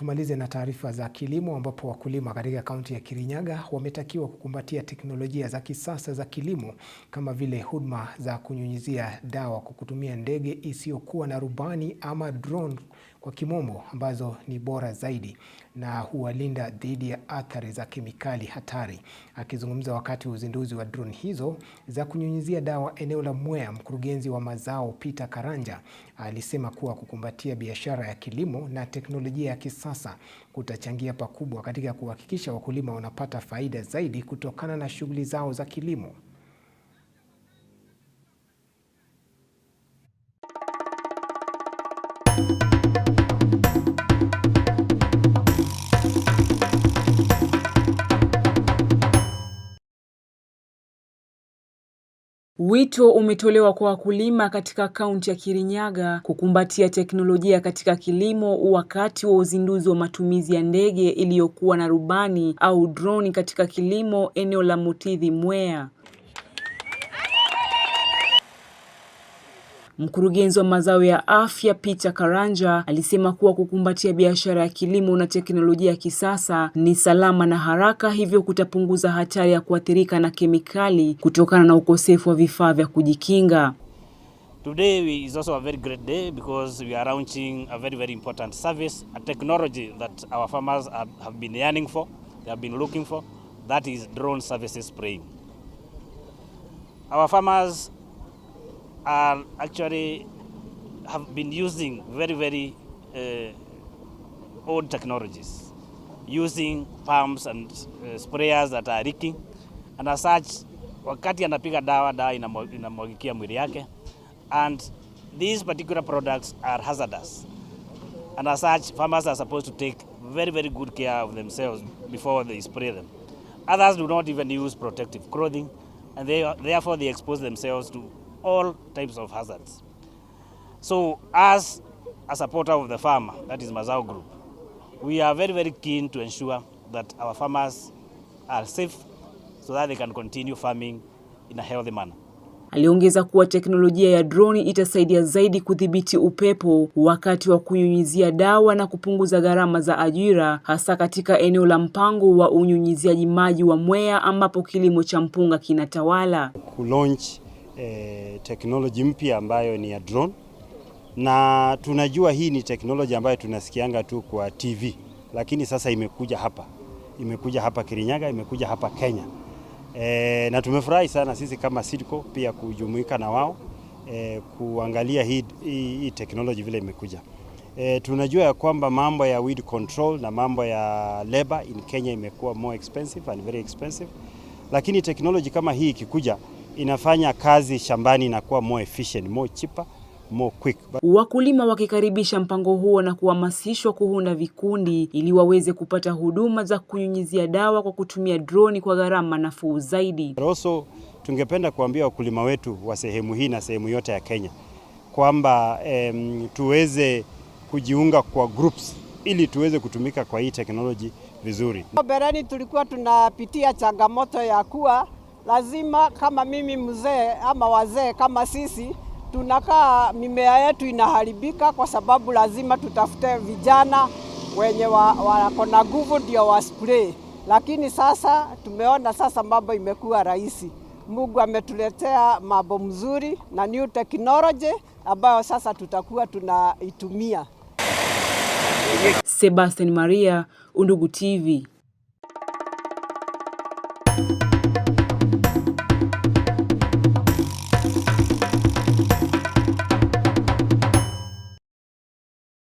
Tumalize na taarifa za kilimo ambapo wakulima katika kaunti ya Kirinyaga wametakiwa kukumbatia teknolojia za kisasa za kilimo kama vile huduma za kunyunyizia dawa kwa kutumia ndege isiyokuwa na rubani ama drone kwa kimombo ambazo ni bora zaidi na huwalinda dhidi ya athari za kemikali hatari. Akizungumza wakati wa uzinduzi wa droni hizo za kunyunyizia dawa eneo la Mwea, mkurugenzi wa mazao Peter Karanja alisema kuwa kukumbatia biashara ya kilimo na teknolojia ya kisasa kutachangia pakubwa katika kuhakikisha wakulima wanapata faida zaidi kutokana na shughuli zao za kilimo. Wito umetolewa kwa wakulima katika kaunti ya Kirinyaga kukumbatia teknolojia katika kilimo wakati wa uzinduzi wa matumizi ya ndege iliyokuwa na rubani au droni katika kilimo eneo la Mutithi Mwea. Mkurugenzi wa mazao ya afya Peter Karanja alisema kuwa kukumbatia biashara ya kilimo na teknolojia ya kisasa ni salama na haraka, hivyo kutapunguza hatari ya kuathirika na kemikali kutokana na ukosefu wa vifaa vya kujikinga. Today we is also a very great day because we are launching a very very important service, a technology that our farmers are, have been yearning for, they have been looking for, that is drone services spraying. Our farmers are actually have been using very very uh, old technologies using pumps and uh, sprayers that are leaking and as such, wakati anapiga dawa dawa inamwagikia mwili yake and these particular products are hazardous and as such farmers are supposed to take very very good care of themselves before they spray them others do not even use protective clothing and they, therefore they expose themselves to all types of hazards. So as a supporter of the farmer, that is Mazao Group, we are very, very keen to ensure that our farmers are safe so that they can continue farming in a healthy manner. Aliongeza kuwa teknolojia ya droni itasaidia zaidi kudhibiti upepo wakati wa kunyunyizia dawa na kupunguza gharama za ajira hasa katika eneo la mpango wa unyunyiziaji maji wa Mwea ambapo kilimo cha mpunga kinatawala. Kulaunch eh, teknoloji mpya ambayo ni ya drone, na tunajua hii ni teknoloji ambayo tunasikianga tu kwa TV, lakini sasa imekuja hapa, imekuja hapa Kirinyaga, imekuja hapa Kenya. E, na tumefurahi sana sisi kama Sidco pia kujumuika na wao e, kuangalia hii, hii, hii teknoloji vile imekuja. E, tunajua ya kwamba mambo ya weed control na mambo ya labor in Kenya imekuwa more expensive and very expensive, lakini teknoloji kama hii ikikuja inafanya kazi shambani inakuwa more efficient, more cheaper, more quick. Wakulima wakikaribisha mpango huo na kuhamasishwa kuunda vikundi ili waweze kupata huduma za kunyunyizia dawa kwa kutumia droni kwa gharama nafuu zaidi. Also tungependa kuambia wakulima wetu wa sehemu hii na sehemu yote ya Kenya kwamba em, tuweze kujiunga kwa groups ili tuweze kutumika kwa hii teknoloji vizuri. Bereni tulikuwa tunapitia changamoto ya kuwa lazima kama mimi mzee ama wazee kama sisi tunakaa, mimea yetu inaharibika, kwa sababu lazima tutafute vijana wenye wako na nguvu ndio wa spray. Lakini sasa tumeona sasa mambo imekuwa rahisi. Mungu ametuletea mambo mzuri na new technology ambayo sasa tutakuwa tunaitumia. Sebastian Maria, Undugu TV.